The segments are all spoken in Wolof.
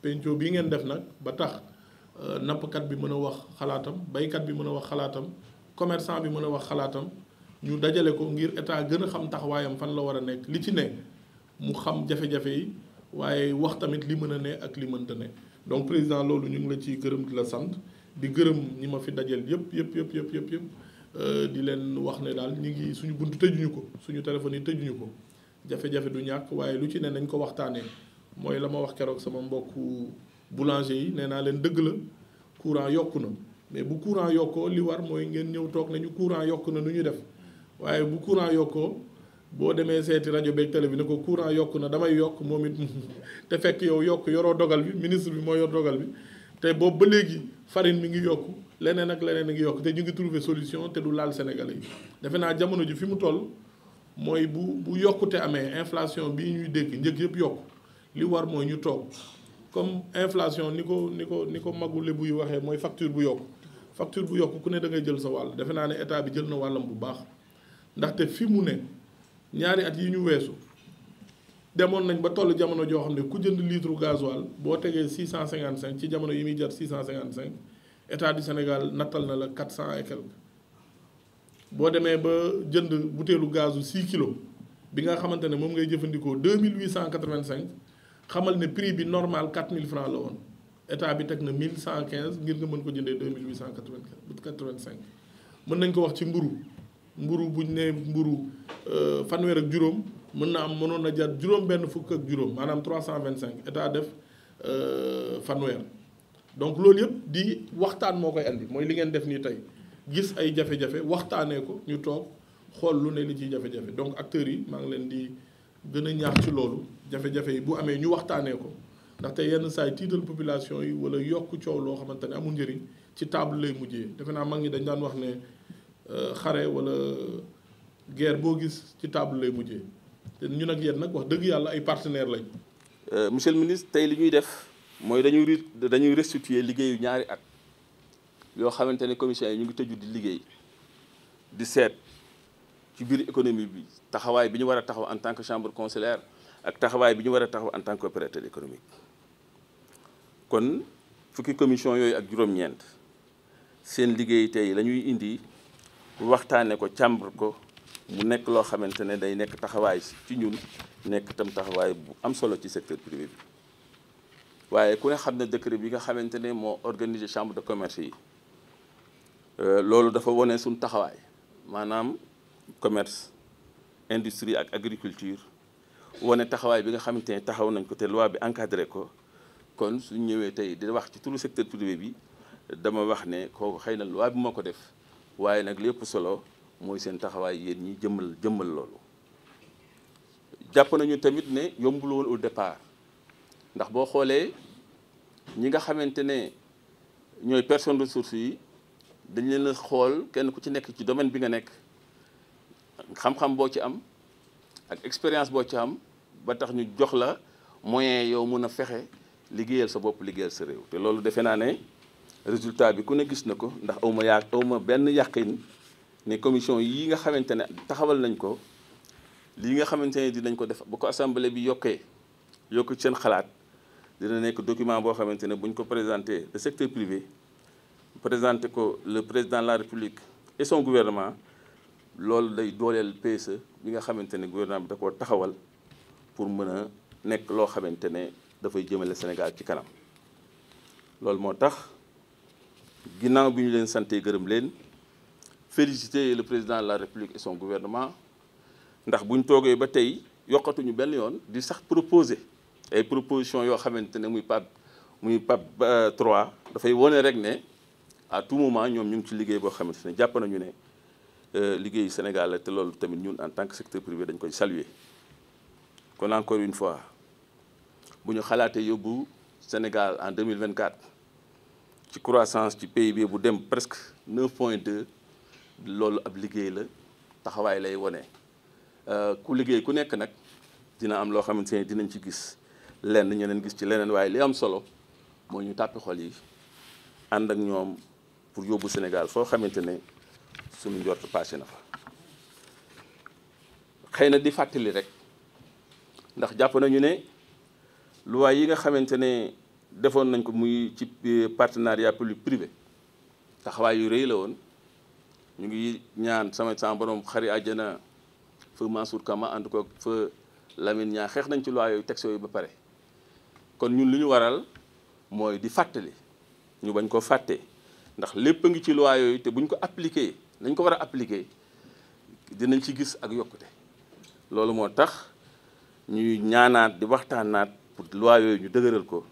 penco bii ngeen def nag ba tax euh, nappkat bi mën a wax xalaatam baykat bi mën a wax xalaatam commerçant bi mën a wax xalaatam ñu dajale ko ngir état gën a xam taxawaayam fan la war a nekk li ci ne mu xam jafe-jafe yi waaye wax tamit li mën a ne ak li mënta ne donc président loolu ñu ngi la ciy gërëm di la sant di gërëm ñi ma fi dajal yëpp yëpp yëpp yëpp yëpp yëpp Euh, di leen wax ne daal ñu ngi suñu buntu tëjuñu ko suñu téléphone yi tëjuñu ko jafe-jafe du ñàkk waaye lu ci ne nañ ko waxtaanee mooy la ma wax keroog sama mbokk boulanger yi nee naa leen dëgg la courant yokku na mais bu courant yokkoo li war mooy ngeen ñëw toog nañu courant yokk na nu ñu def waaye bu courant yokkoo boo demee seeti rajo beeg télé bi ne ko courant yokk na damay yokk moom it te fekk yow yokk yoroo dogal bi ministre bi moo yor dogal bi te boobu ba léegi farine mi ngi yokku leneen ak leneen a ngi yokk te ñu ngi trouver solution te du laal Sénégalais yi defe naa jamono ji fi mu toll mooy bu bu yokkute amee inflation bii ñuy dégg njëg yëpp yokk li war mooy ñu toog comme inflation ni ko ni ko ni ko magu lébu yi waxee mooy facture bu yokk facture bu yokk ku ne da ngay jël sa wàll defe naa ne état bi jël na wàllam bu baax ndaxte fi mu ne ñaari at yi ñu weesu demoon nañ ba toll jamono joo xam ne ku jënd litre gasoil boo tegee 655 ci jamono yi muy jar 655 état du Sénégal nattal na la quatre cent et quelque boo demee ba jënd butéelu gazu six kilos bi nga xamante ne moom ngay jëfandikoo deux mille huit cent quatre cinq xamal ne prix bi normal quatre mille francs la woon état bi teg na mille cent quinze ngir nga mën ko jëndee deux mille huit cent quatre vingt mën nañ ko wax ci mburu mburu bu ñu nee mburu euh, fanweer ak juróom mën na am mënoon na jar juróom benn fukk ak juróom maanaam trois cent vingt cinq état def euh, fanweer. donc loolu yëpp di waxtaan moo koy indi mooy li ngeen def nii tey gis ay jafe-jafe waxtaanee ko ñu toog xool lu ne li ciy jafe-jafe donc acteurs yi maa ngi leen di gën a ñaax ci loolu jafe-jafe yi bu amee ñu waxtaanee ko ndaxte yenn saay tiital population yi wala yokk coow loo xamante ne amul njëriñ ci table lay mujjee defe naa mag ñi dañu daan wax ne euh, xare wala euh, guerre boo gis ci table lay mujjee te ñu nag yéen nag wax dëgg yàlla ay partenaires lañ. Euh, monsieur le tey li ñuy def. mooy dañuy dañuy restituer liggéeyu ñaari at yoo xamante ne commission yi ñu ngi tëju di liggéey di seet ci biir économie bi taxawaay bi ñu war a taxaw en tant que chambre consulaire ak taxawaay bi ñu war a taxaw en tant que opérateur économique kon fukki commission yooyu ak juróom-ñeent seen liggéey tey lañuy indi waxtaane ko càmbar ko mu nekk loo xamante ne day nekk taxawaay ci ñun nekk tam taxawaay bu am solo ci secteur privé bi waaye ku ne xam ne décret bi nga xamante ne moo organiser chambre de commerce yi euh, loolu dafa wone suñ taxawaay maanaam commerce industrie ak agriculture wane taxawaay bi nga xamante ne taxaw nañ ko te luwaa bi encadré ko kon su ñëwee tey di wax ci tout le secteur privé bi dama wax ne kooku xëy na loi bi moo ko def waaye nag lépp solo mooy seen taxawaay yéen ñi jëmmal jëmmal loolu jàpp nañu tamit ne yombul woon au départ ndax boo xoolee ñi nga xamante ne ñooy personne ressource yi dañ leen a xool kenn ku ci nekk ci domaine bi nga nekk xam-xam boo ci am ak expérience boo ci am ba tax ñu jox la moyen yow mun a fexe liggéeyal sa bopp liggéeyal sa réew te loolu defe naa ne résultat bi ku ne gis na ko ndax awma yaa awma benn yàqin ne commission yi nga xamante ne taxawal nañ ko lii nga xamante ne dinañ ko def ba ko assemblée bi yokkee yokk seen xalaat dina nekk document boo xamante ne bu ñu ko présenté le secteur privé présenté ko le président la république et son gouvernement loolu day dooleel PSE bi nga xamante ne gouvernement bi da koo taxawal pour mën a nekk loo xamante ne dafay jëmale Sénégal ci kanam loolu moo tax ginnaaw bi ñu leen santee gërëm leen féliciter le président la république et son gouvernement ndax buñ toogee ba tey yokkatuñu benn yoon di sax proposer ay proposition yoo xamante ne muy PAP muy PAP 3 euh, dafay wone rek ne à tout moment ñoom ñu ngi ci liggéey boo xamante ne jàpp nañu ne euh, liggéeyu Sénégal la te loolu tamit ñun en tant que secteur privé dañ koy saluer kon encore une fois bu ñu xalaatee yóbbu Sénégal en 2024 ci croissance ci bi bu dem presque 9 point 2 loolu ab liggéey la taxawaay lay wone euh, ku liggéey ku nekk nag dina am loo xamante ne dinañ ci gis lenn ñeneen gis ci leneen waaye li am solo moo ñu tàppi xol yi ànd ak ñoom pour yóbbu Sénégal foo xamante ne suñu njort passé na fa xëy na di fàttali rek ndax jàpp nañu ne luwaay yi nga xamante ne defoon nañ ko muy ci partenariat public privé taxawaay yu rëy la woon ñu ngi ñaan sama sama borom xari àjjana fa Mansour Kama ànd ko fa Lamine ñaa xeex nañ ci loi yooyu texte yooyu ba pare kon ñun li ñu waral mooy di fàttali ñu bañ ko fàtte ndax lépp a ngi ci loi yooyu te buñ ko appliqué nañ ko war a appliqué dinañ ci gis ak yokkute loolu moo tax ñuy ñaanaat di waxtaanaat pour loi yooyu ñu dëgëral ko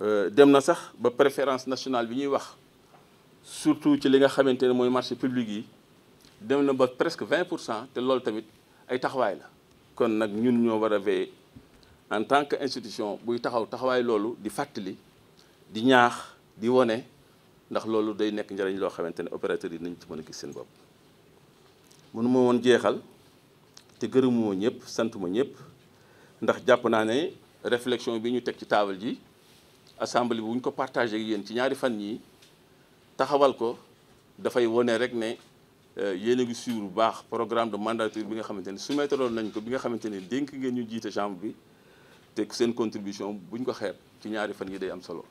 euh, dem na sax ba préférence nationale bi ñuy wax surtout ci li nga xamante ne mooy marché public yi dem na ba presque vingt pour cent te loolu tamit ay taxawaay la kon nag ñun ñoo war a veiller en tant que institution buy taxaw taxawaay loolu di fàttali di ñaax di wone ndax loolu day nekk njëriñ loo xamante ne opérateur yi nañ ci mën a gis seen bopp mënu woon jeexal te gërëmoo ñëpp santu ma ñëpp ndax jàpp naa ne réflexion bi ñu teg ci taabal ji assemblée bu ñu ko partagé ak yéen ci ñaari fan yi taxawal ko dafay wone rek ne euh, yéen a ngi suivre baax programme de mandature bi nga xamante su soumettre nañ ko bi nga xamante ne dénk ngeen ñu jiite chambre bi te seen contribution buñ ko xeeb ci ñaari fan yi day am solo.